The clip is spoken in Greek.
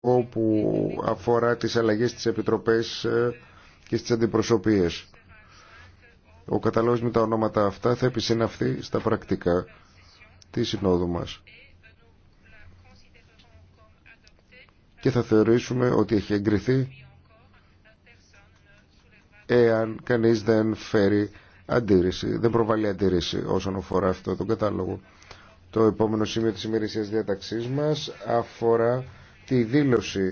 όπου αφορά τις αλλαγές στις επιτροπές ε, και στις αντιπροσωπείες. Ο καταλόγος με τα ονόματα αυτά θα επισυναυθεί στα πρακτικά της συνόδου μας και θα θεωρήσουμε ότι έχει εγκριθεί εάν κανείς δεν φέρει αντίρρηση, δεν προβάλλει αντίρρηση όσον αφορά αυτό τον κατάλογο. Το επόμενο σημείο της ημερησίας διαταξής μας αφορά τη δήλωση